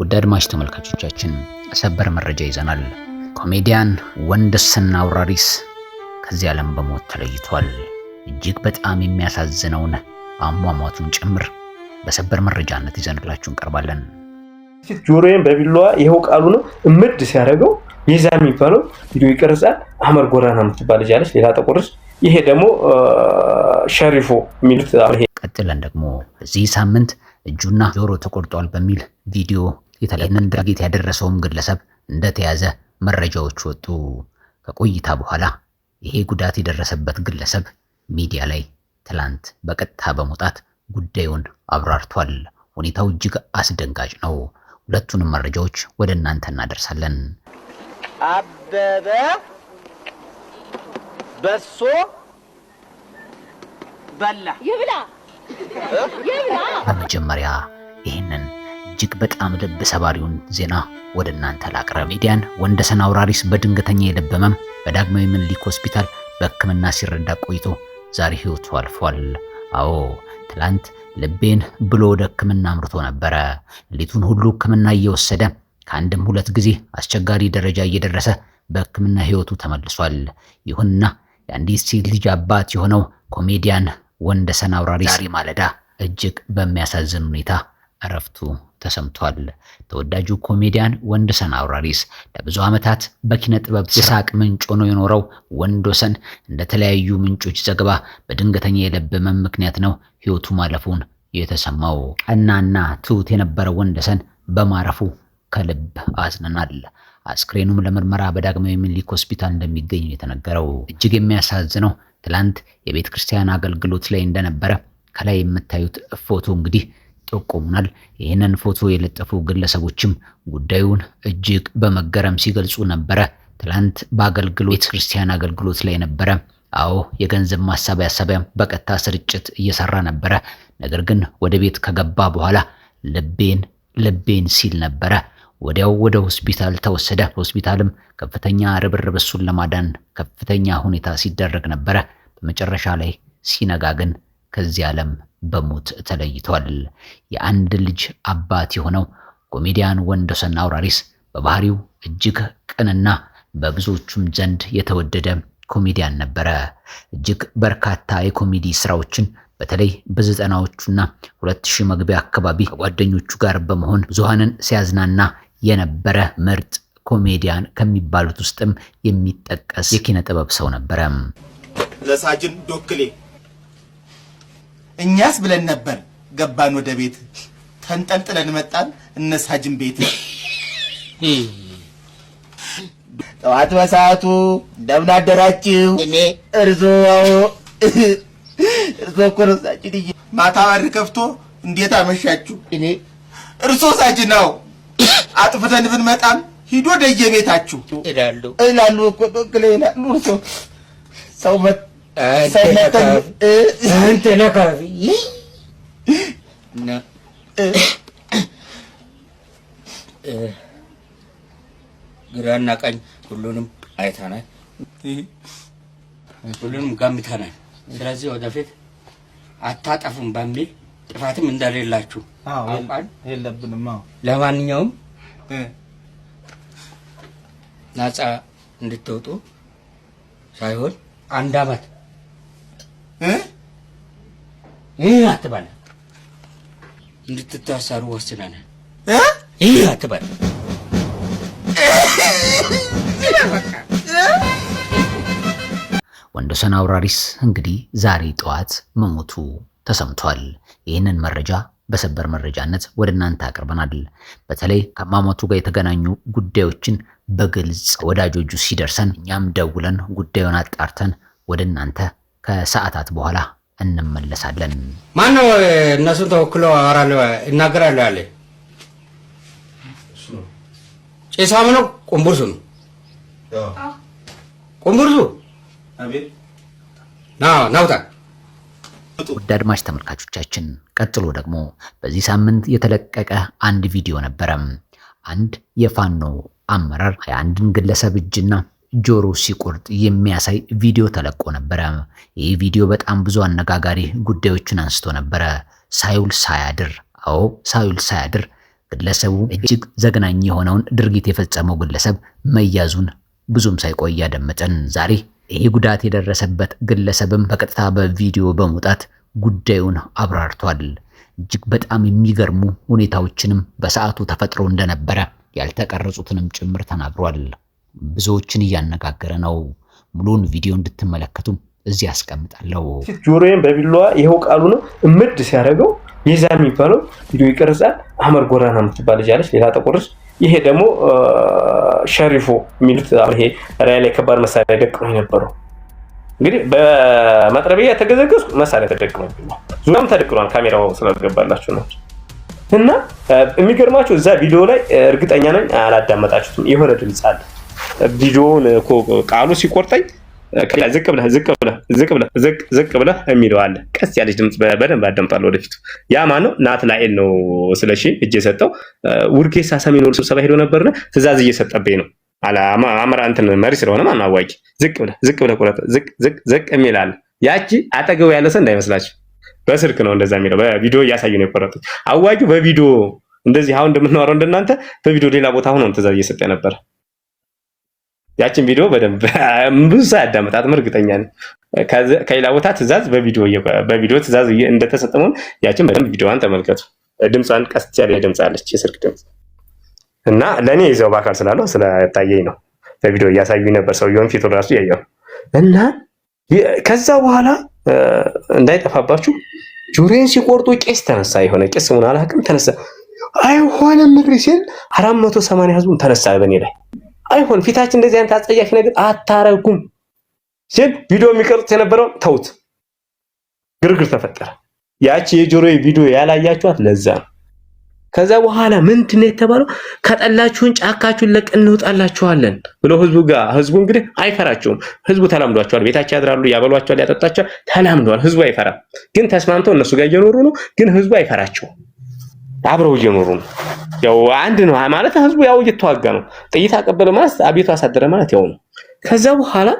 ውድ አድማጭ ተመልካቾቻችን ሰበር መረጃ ይዘናል። ኮሜዲያን ወንድስና አውራሪስ ከዚህ ዓለም በሞት ተለይቷል። እጅግ በጣም የሚያሳዝነውን አሟሟቱን ጭምር በሰበር መረጃነት ይዘንላችሁ እንቀርባለን። ጆሮዬን በቢላዋ ይኸው ቃሉ ነው እምድ ሲያደርገው ቤዛ የሚባለው ቪዲዮ ይቀርጻል። አመር ጎራና የምትባል ልጅ አለች፣ ሌላ ጥቁርስ። ይሄ ደግሞ ሸሪፎ የሚሉት። ቀጥለን ደግሞ እዚህ ሳምንት እጁና ጆሮ ተቆርጧል በሚል ቪዲዮ የተለያየንን ድርጊት ያደረሰውም ግለሰብ እንደተያዘ መረጃዎች ወጡ። ከቆይታ በኋላ ይሄ ጉዳት የደረሰበት ግለሰብ ሚዲያ ላይ ትላንት በቀጥታ በመውጣት ጉዳዩን አብራርቷል። ሁኔታው እጅግ አስደንጋጭ ነው። ሁለቱንም መረጃዎች ወደ እናንተ እናደርሳለን። አበበ በሶ በላ ይብላ ይብላ በመጀመሪያ እጅግ በጣም ልብ ሰባሪውን ዜና ወደ እናንተ ላቅረብ። ሚዲያን ወንደሰን አውራሪስ በድንገተኛ የልብ ህመም በዳግማዊ ምኒልክ ሆስፒታል በህክምና ሲረዳ ቆይቶ ዛሬ ህይወቱ አልፏል። አዎ ትላንት ልቤን ብሎ ወደ ህክምና አምርቶ ነበረ። ሌቱን ሁሉ ህክምና እየወሰደ ከአንድም ሁለት ጊዜ አስቸጋሪ ደረጃ እየደረሰ በህክምና ህይወቱ ተመልሷል። ይሁንና የአንዲት ሴት ልጅ አባት የሆነው ኮሜዲያን ወንደሰን አውራሪስ ዛሬ ማለዳ እጅግ በሚያሳዝን ሁኔታ እረፍቱ ተሰምቷል። ተወዳጁ ኮሜዲያን ወንድሰን አውራሪስ ለብዙ ዓመታት በኪነ ጥበብ የሳቅ ምንጭ ሆኖ የኖረው ወንድወሰን እንደ ተለያዩ ምንጮች ዘገባ በድንገተኛ የልብ ምክንያት ነው ህይወቱ ማለፉን የተሰማው። ቀናና ትውት የነበረው ወንድወሰን በማረፉ ከልብ አዝነናል። አስክሬኑም ለምርመራ በዳግማዊ ምኒልክ ሆስፒታል እንደሚገኝ የተነገረው። እጅግ የሚያሳዝነው ትላንት የቤተ ክርስቲያን አገልግሎት ላይ እንደነበረ ከላይ የምታዩት ፎቶ እንግዲህ ጠቁሙናል። ይህንን ፎቶ የለጠፉ ግለሰቦችም ጉዳዩን እጅግ በመገረም ሲገልጹ ነበረ። ትላንት በአገልግሎት ክርስቲያን አገልግሎት ላይ ነበረ። አዎ የገንዘብ ማሰባሰቢያ በቀጥታ ስርጭት እየሰራ ነበረ። ነገር ግን ወደ ቤት ከገባ በኋላ ልቤን ልቤን ሲል ነበረ። ወዲያው ወደ ሆስፒታል ተወሰደ። ሆስፒታልም ከፍተኛ ርብርብ እሱን ለማዳን ከፍተኛ ሁኔታ ሲደረግ ነበረ። በመጨረሻ ላይ ሲነጋ ግን ከዚህ ዓለም በሞት ተለይቷል። የአንድ ልጅ አባት የሆነው ኮሜዲያን ወንደሰን አውራሪስ በባህሪው እጅግ ቅንና በብዙዎቹም ዘንድ የተወደደ ኮሜዲያን ነበረ። እጅግ በርካታ የኮሜዲ ስራዎችን በተለይ በዘጠናዎቹና ሁለት ሺህ መግቢያ አካባቢ ከጓደኞቹ ጋር በመሆን ብዙሃንን ሲያዝናና የነበረ ምርጥ ኮሜዲያን ከሚባሉት ውስጥም የሚጠቀስ የኪነ ጥበብ ሰው ነበረ። ለሳጅን ዶክሌ እኛስ ብለን ነበር ገባን ወደ ቤት ተንጠልጥለን መጣን እነሳጅን ቤት ጠዋት በሰዓቱ እንደምን አደራችሁ? እኔ እርዞ እርሶ እኮ ነው ሳጅን እየ ማታ በር ከፍቶ እንዴት አመሻችሁ? እኔ እርሶ ሳጅን ነው አጥፍተን ብንመጣም ሂዶ ደየቤታችሁ እላሉ እላሉ እኮ ትክክል ይላሉ እርሶ ሰው መ ግራና ቀኝ ሁሉንም አይተናል፣ ሁሉንም ገምተናል። ስለዚህ ወደፊት አታጠፉም በሚል ጥፋትም እንደሌላችሁ አውቃል የለብንም። ለማንኛውም ነፃ እንድትወጡ ሳይሆን አንድ አመት ይህ አትበል። እንድትታሰሩ ወስነናል። ይህ አትበል። ወንድወሰን አውራሪስ እንግዲህ ዛሬ ጠዋት መሞቱ ተሰምቷል። ይህንን መረጃ በሰበር መረጃነት ወደ እናንተ አቅርበናል። በተለይ ከማሞቱ ጋር የተገናኙ ጉዳዮችን በግልጽ ወዳጆቹ ሲደርሰን እኛም ደውለን ጉዳዩን አጣርተን ወደ እናንተ ከሰዓታት በኋላ እንመለሳለን። ማነው እነሱን ተወክሎ አወራለሁ እናገራለሁ ያለ ጭሳም ነው ቁንቡርሱ ነው ቁንቡርሱ ናውጣ። ውድ አድማጭ ተመልካቾቻችን ቀጥሎ ደግሞ በዚህ ሳምንት የተለቀቀ አንድ ቪዲዮ ነበረ። አንድ የፋኖ አመራር 21ን ግለሰብ እጅና ጆሮ ሲቆርጥ የሚያሳይ ቪዲዮ ተለቆ ነበረ። ይህ ቪዲዮ በጣም ብዙ አነጋጋሪ ጉዳዮችን አንስቶ ነበረ። ሳይውል ሳያድር፣ አዎ ሳይውል ሳያድር ግለሰቡ እጅግ ዘግናኝ የሆነውን ድርጊት የፈጸመው ግለሰብ መያዙን ብዙም ሳይቆይ አደመጠን። ዛሬ ይህ ጉዳት የደረሰበት ግለሰብም በቀጥታ በቪዲዮ በመውጣት ጉዳዩን አብራርቷል። እጅግ በጣም የሚገርሙ ሁኔታዎችንም በሰዓቱ ተፈጥሮ እንደነበረ ያልተቀረጹትንም ጭምር ተናግሯል። ብዙዎችን እያነጋገረ ነው። ሙሉውን ቪዲዮ እንድትመለከቱም እዚህ ያስቀምጣለሁ። ጆሮዬን በቢላዋ ይኸው ነው እምድ ሲያደርገው ቤዛ የሚባለው ቪዲዮ ይቀርጻል። አህመድ ጎራና የምትባል ልጅ ሌላ ጥቁርች። ይሄ ደግሞ ሸሪፎ የሚሉት ይሄ ራያ ላይ ከባድ መሳሪያ ደቅኖ የነበረው እንግዲህ በመጥረቢያ የተገዘገዝኩ መሳሪያ ተደቅኖብኝ ነው። ዙሪያም ተደቅኗል። ካሜራው ስላልገባላችሁ ነው። እና የሚገርማችሁ እዛ ቪዲዮ ላይ እርግጠኛ ነኝ አላዳመጣችሁትም፣ የሆነ ድምፅ አለ ቪዲዮውን ቃሉ ሲቆርጠኝ ዝቅ ብለህ ዝቅ ብለህ ዝቅ ብለህ ዝቅ ዝቅ ብለህ የሚለው አለ። ቀስ ያለች ድምፅ በደንብ አዳምጣለሁ ወደፊቱ። ያ ማን ነው? ናት ላኤል ነው። ስለሺ እጅ የሰጠው ውርጌሳ ሰሜን ወሎ ስብሰባ ሄዶ ነበርና ትእዛዝ እየሰጠብኝ ነው አመራ እንትን መሪ ስለሆነ ማን አዋቂ ዝቅ ብለህ ዝቅ ብለህ ቁረጥ፣ ዝቅ ዝቅ ዝቅ የሚል አለ። ያቺ አጠገቡ ያለ ሰው እንዳይመስላችሁ በስልክ ነው እንደዛ የሚለው በቪዲዮ እያሳዩ ነው የቆረጡት። አዋቂው በቪዲዮ እንደዚህ አሁን እንደምናወራው እንደናንተ በቪዲዮ ሌላ ቦታ ሆኖ ትእዛዝ እየሰጠ ነበር። ያችን ቪዲዮ በደንብ ብዙ ሰው ያዳመጣትም እርግጠኛ ነኝ። ከሌላ ቦታ ትዕዛዝ በቪዲዮ ትዕዛዝ እንደተሰጠመን ያችን በደንብ ቪዲዮዋን ተመልከቱ። ድምጿን ቀስት ያለ ድምፅ አለች፣ የስልክ ድምፅ እና ለእኔ ይዘው በአካል ስላለው ስለታየኝ ነው። በቪዲዮ እያሳዩኝ ነበር፣ ሰውየውን ፊቱ ራሱ ያየው እና ከዛ በኋላ እንዳይጠፋባችሁ ጆሮዬን ሲቆርጡ ቄስ ተነሳ። የሆነ ቄስ ምን አላውቅም፣ ተነሳ አይሆንም ምሪ ሲል አራት መቶ ሰማንያ ህዝቡም ተነሳ በእኔ ላይ አይሆን ፊታችን እንደዚህ አይነት አጸያፊ ነገር አታረጉም ሲል ቪዲዮ የሚቀርጽ የነበረውን ተውት። ግርግር ተፈጠረ። ያቺ የጆሮ ቪዲዮ ያላያችኋት ለዛ ነው። ከዛ በኋላ ምንድን ነው የተባለው? ከጠላችሁን ጫካችሁን ለቀን እንወጣላችኋለን ብሎ ህዝቡ ጋር ህዝቡ እንግዲህ አይፈራቸውም። ህዝቡ ተላምዷቸዋል። ቤታቸው ያድራሉ፣ ያበሏቸዋል፣ ያጠጣቸዋል። ተላምደዋል። ህዝቡ አይፈራም። ግን ተስማምተው እነሱ ጋር እየኖሩ ነው። ግን ህዝቡ አይፈራቸውም። አብረው እየኖሩ ነው። ያው አንድ ነው ማለት ህዝቡ ያው እየተዋጋ ነው። ጥይት አቀበለ ማለት አቤቱ አሳደረ ማለት ያው ነው። ከዛ በኋላ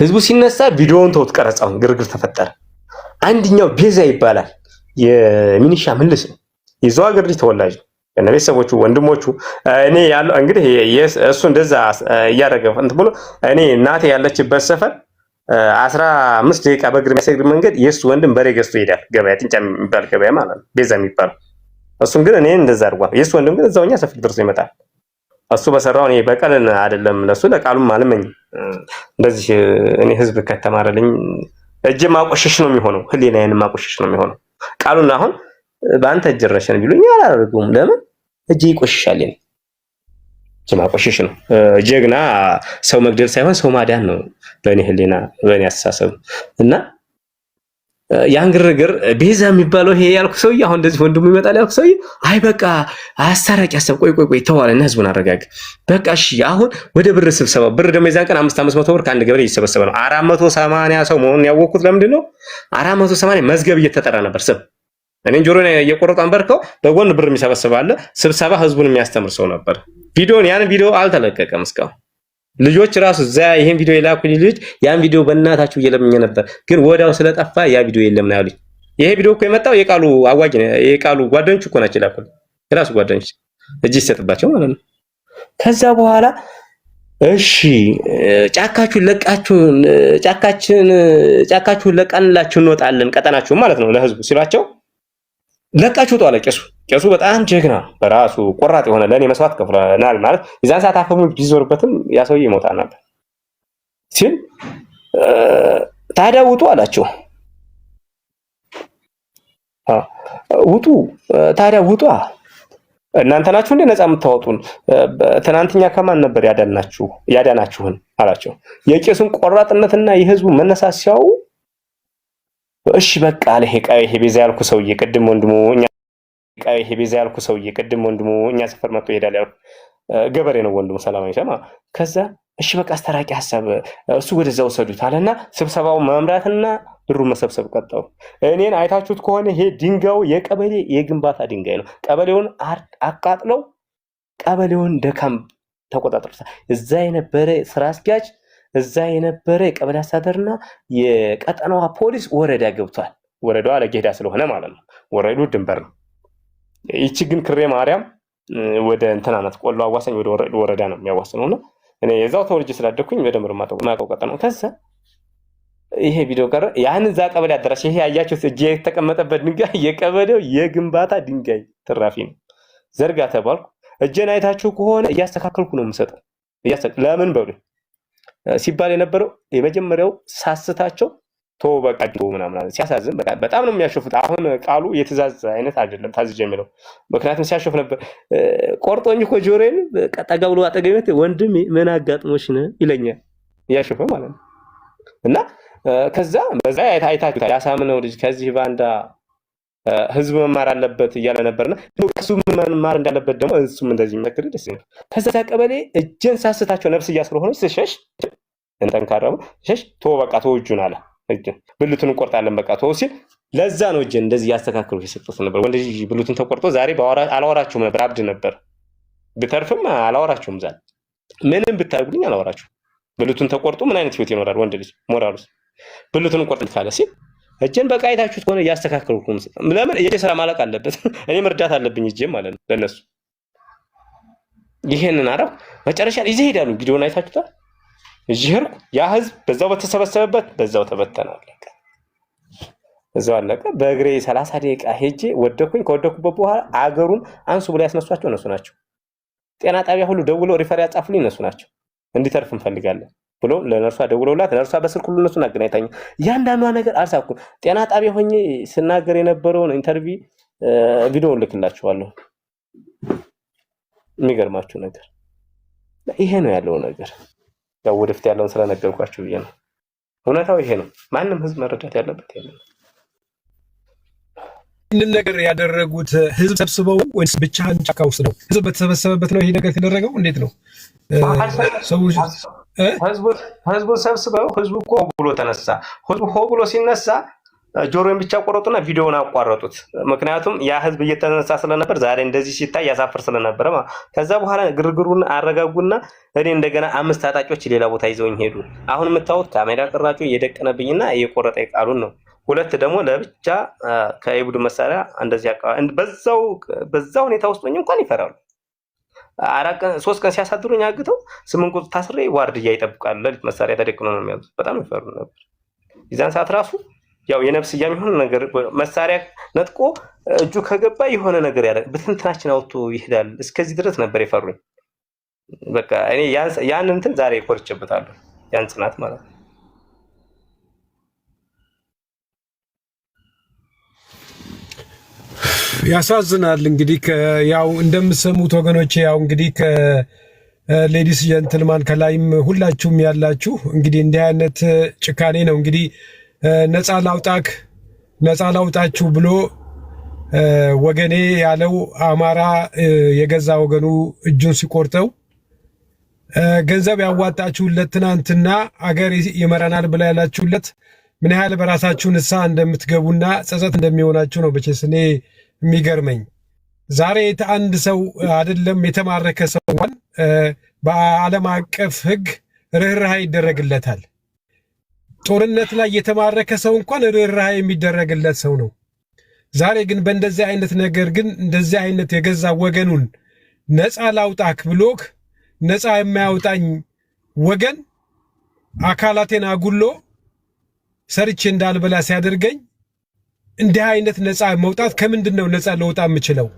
ህዝቡ ሲነሳ ቪዲዮውን ተውት፣ ቀረጻውን ግርግር ተፈጠረ። አንድኛው ቤዛ ይባላል የሚኒሻ ምልስ ነው። የዛው ሀገር ልጅ ተወላጅ ነው። ከነ ቤተሰቦቹ ወንድሞቹ እኔ ያለው እንግዲህ እሱ እንደዛ እያደረገ እንትን ብሎ እኔ እናቴ ያለችበት ሰፈር አስራ አምስት ደቂቃ በእግር የሚያሰግድ መንገድ የእሱ ወንድም በሬ ገዝቶ ይሄዳል ገበያ፣ ጥንጫ የሚባል ገበያ ማለት ነው ቤዛ የሚባለው እሱም ግን እኔን እንደዛ አድርጓል። የእሱ ወንድም ግን እዛውኛ ሰፊ ደርሶ ይመጣል። እሱ በሰራው እኔ በቀልን አይደለም ለሱ ለቃሉም አልመኝ። እንደዚህ እኔ ህዝብ ከተማረልኝ እጅ ማቆሸሽ ነው የሚሆነው፣ ህሊናዬን ማቆሸሽ ነው የሚሆነው። ቃሉን አሁን በአንተ እጅ ረሸን ቢሉኝ አላደርገውም። ለምን እጅ ይቆሽሻል። እኔ እጅ ማቆሸሽ ነው። ጀግና ሰው መግደል ሳይሆን ሰው ማዳን ነው፣ በእኔ ህሊና፣ በእኔ አስተሳሰብ እና ያን ግርግር ቤዛ የሚባለው ይሄ ያልኩ ሰውዬ አሁን እንደዚህ ወንድሙ ይመጣል ያልኩ ሰውዬ አይ በቃ አስታራቂ ያሰብ ቆይ ቆይ ቆይ እና ህዝቡን አረጋግ በቃ እሺ። አሁን ወደ ብር ስብሰባ ብር ደግሞ የዛን ቀን አምስት አምስት መቶ ብር ከአንድ ገበሬ እየተሰበሰበ ነው። አራት መቶ ሰማንያ ሰው መሆኑን ያወቅኩት ለምንድን ነው? አራት መቶ ሰማንያ መዝገብ እየተጠራ ነበር ስብ እኔን ጆሮ እየቆረጡ አንበርከው በጎን ብር የሚሰበስባለ ስብሰባ ህዝቡን የሚያስተምር ሰው ነበር። ቪዲዮን ያን ቪዲዮ አልተለቀቀም እስካሁን ልጆች ራሱ እዛ ይሄን ቪዲዮ የላኩልኝ ልጅ ያን ቪዲዮ በእናታችሁ እየለምኘ ነበር፣ ግን ወዲያው ስለጠፋ ያ ቪዲዮ የለም ነው ያሉኝ። ይሄ ቪዲዮ እኮ የመጣው የቃሉ አዋጅ ነው። የቃሉ ጓደኞች እኮ ናቸው የላኩልኝ፣ የራሱ ጓደኞች እጅ ይሰጥባቸው ማለት ነው። ከዛ በኋላ እሺ ጫካችሁን ለቃችሁን ጫካችን ጫካችሁን ለቃንላችሁ እንወጣለን ቀጠናችሁን ማለት ነው ለህዝቡ ሲሏቸው ለቃችሁ ጠዋለ ቄሱ ቄሱ በጣም ጀግና በራሱ ቆራጥ የሆነ ለእኔ መስዋዕት ከፍለናል ማለት የዛን ሰዓት አፈሙ ቢዞርበትም ያ ሰውዬ ይሞታል ነበር ሲል ታዲያ ውጡ አላቸው። ውጡ ታዲያ ውጡ፣ እናንተ ናችሁ እንደ ነፃ የምታወጡን? ትናንትኛ ከማን ነበር ያዳናችሁን አላቸው። የቄሱን ቆራጥነትና የህዝቡ መነሳት ሲያዩ እሺ በቃ አለ ይሄ ሄቤዛ ያልኩ ሰውዬ ቅድም ወንድሙ እኛ ይሄ ቤዛ ያልኩ ሰውዬ ቅድም ወንድሙ እኛ ሰፈር መጥቶ ይሄዳል ያልኩ ገበሬ ነው ወንድሙ ሰላማዊ ሰማ። ከዛ እሺ በቃ አስተራቂ ሀሳብ እሱ ወደዛ ውሰዱት አለና ስብሰባው መምራትና ብሩን መሰብሰብ ቀጠው። እኔን አይታችሁት ከሆነ ይሄ ድንጋዩ የቀበሌ የግንባታ ድንጋይ ነው። ቀበሌውን አቃጥለው ቀበሌውን ደካም ተቆጣጥሮታል። እዛ የነበረ ስራ አስኪያጅ እዛ የነበረ የቀበሌ አስተዳደርና የቀጠናዋ ፖሊስ ወረዳ ገብቷል። ወረዳዋ አለጌዳ ስለሆነ ማለት ነው። ወረዱ ድንበር ነው። ይቺ ግን ክሬ ማርያም ወደ እንትና ናት፣ ቆሎ አዋሳኝ ወደ ወረዳ ነው የሚያዋስነው እና እኔ የዛው ተወልጄ ስላደግኩኝ በደንብ ማቀው ቀጠናው ከዛ ይሄ ቪዲዮ ቀረ። ያን እዛ ቀበሌ አደራሽ ይሄ ያያቸው እጅ የተቀመጠበት ድንጋይ የቀበሌው የግንባታ ድንጋይ ትራፊ ነው። ዘርጋ ተባልኩ። እጄን አይታችሁ ከሆነ እያስተካከልኩ ነው የምሰጠው። ለምን በሉኝ ሲባል የነበረው የመጀመሪያው ሳስታቸው ቶ በቃ ምናምን ሲያሳዝን በጣም ነው የሚያሾፉት። አሁን ቃሉ የትእዛዝ አይነት አይደለም ታዝጀ የሚለው ምክንያቱም ሲያሾፍ ነበር። ቆርጦኝ እኮ ጆሮዬን ጠጋ ብሎ አጠገቤት ወንድም ምን አጋጥሞሽ ነው ይለኛል እያሾፈ ማለት ነው። እና ከዛ በዛ አይታችሁታል ያሳምነው ልጅ ከዚህ ባንዳ ህዝብ መማር አለበት እያለ ነበርና ከሱ መማር እንዳለበት ደግሞ እሱም እንደዚህ የሚመክር ደስ ይላል። ከዛ ቀበሌ እጀን ሳስታቸው ነፍስ ስለሆነች ስሸሽ እንጠንካረሙ ሸሽ ቶ በቃ ተወጁን አለ እጅን ብልቱን እንቆርጣለን በቃ ቶ ሲል ለዛ ነው እጅን እንደዚህ ያስተካክሉ የሰጡት ነበር። ወንድ ልጅ ብልቱን ተቆርጦ ዛሬ አላወራችሁም ነበር፣ አብድ ነበር ብተርፍም አላወራችሁም። ዛሬ ምንም ብታደርጉልኝ አላወራችሁም። ብልቱን ተቆርጦ ምን አይነት ህይወት ይኖራል ወንድ ልጅ ሞራሉስ? ብልቱን እንቆርጥ ካለ ሲል እጅን በቃ አይታችሁት ከሆነ እያስተካከልኩ ለምን የእጄ ስራ ማለቅ አለበት። እኔ መርዳት አለብኝ እጄ ማለት ነው ለነሱ ይሄንን አረብ መጨረሻ ይዘ ሄዳሉ። ቪዲዮን አይታችሁታል። እዚህ ሄድኩ። ያ ህዝብ በዛው በተሰበሰበበት በዛው ተበተነ፣ አለቀ። እዛው አለቀ። በእግሬ ሰላሳ ደቂቃ ሄጄ ወደኩኝ። ከወደኩበት በኋላ አገሩን አንሱ ብሎ ያስነሷቸው እነሱ ናቸው። ጤና ጣቢያ ሁሉ ደውለው ሪፈር ያጻፉልኝ እነሱ ናቸው። እንዲተርፍ እንፈልጋለን። ብሎ ለነርሷ ደውለውላት ነርሷ በስልክ ሁሉ እነሱን አገናኝታኝ እያንዳንዷ ነገር አልሳኩም። ጤና ጣቢያ ሆኜ ስናገር የነበረውን ኢንተርቪ ቪዲዮ ልክላችኋለሁ። የሚገርማችሁ ነገር ይሄ ነው ያለው ነገር። ያው ወደፊት ያለውን ስለነገርኳችሁ ብዬ ነው። እውነታው ይሄ ነው። ማንም ህዝብ መረዳት ያለበት ያለ ይህንን ነገር ያደረጉት ህዝብ ሰብስበው ወይስ ብቻህን ጫካ ውስጥ ነው? ህዝብ በተሰበሰበበት ነው ይሄ ነገር የተደረገው? እንዴት ነው ሰዎች ህዝቡን ሰብስበው ህዝቡ እኮ ሆ ብሎ ተነሳ። ህዝቡ ሆ ብሎ ሲነሳ ጆሮን ብቻ ቆረጡና ቪዲዮውን አቋረጡት። ምክንያቱም ያ ህዝብ እየተነሳ ስለነበር ዛሬ እንደዚህ ሲታይ ያሳፍር ስለነበረ ከዛ በኋላ ግርግሩን አረጋጉና እኔ እንደገና አምስት ታጣቂዎች ሌላ ቦታ ይዘውኝ ሄዱ። አሁን የምታዩት ካሜራ ቅራጩ እየደቀነብኝና እየቆረጠ ቃሉን ነው። ሁለት ደግሞ ለብቻ ከቡድን መሳሪያ እንደዚህ በዛው ሁኔታ ውስጥ እንኳን ይፈራሉ። አራት ቀን ሶስት ቀን ሲያሳድሩኝ አግተው ስምንት ቁጥር ታስሬ ዋርድያ ይጠብቃል። ሌሊት መሳሪያ ተደቅኖ ነው የሚያዙት። በጣም ይፈሩ ነበር። የዛን ሰዓት ራሱ ያው የነፍስያ የሚሆን ነገር መሳሪያ ነጥቆ እጁ ከገባ የሆነ ነገር ያደ ብትንትናችን አውጥቶ ይሄዳል። እስከዚህ ድረስ ነበር የፈሩኝ። በቃ እኔ ያን እንትን ዛሬ ኮርቼበታለሁ። ያን ጽናት ማለት ነው። ያሳዝናል። እንግዲህ ያው እንደምሰሙት ወገኖቼ ያው እንግዲህ ከሌዲስ ጀንትልማን ከላይም ሁላችሁም ያላችሁ እንግዲህ እንዲህ አይነት ጭካኔ ነው እንግዲህ ነፃ ላውጣክ ነፃ ላውጣችሁ ብሎ ወገኔ ያለው አማራ የገዛ ወገኑ እጁን ሲቆርጠው ገንዘብ ያዋጣችሁለት ትናንትና አገር ይመራናል ብላ ያላችሁለት ምን ያህል በራሳችሁ ንስሐ እንደምትገቡና ጸጸት እንደሚሆናችሁ ነው በቼስ እኔ የሚገርመኝ ዛሬ አንድ ሰው አይደለም የተማረከ ሰው እንኳን በዓለም አቀፍ ሕግ ርኅራሃ ይደረግለታል። ጦርነት ላይ የተማረከ ሰው እንኳን ርኅራሃ የሚደረግለት ሰው ነው። ዛሬ ግን በእንደዚህ አይነት ነገር ግን እንደዚህ አይነት የገዛ ወገኑን ነፃ ላውጣክ ብሎክ ነፃ የማያውጣኝ ወገን አካላቴን አጉሎ ሰርቼ እንዳልበላ ሲያደርገኝ እንዲህ አይነት ነፃ መውጣት ከምንድን ነው ነፃ ለውጣ የምችለው?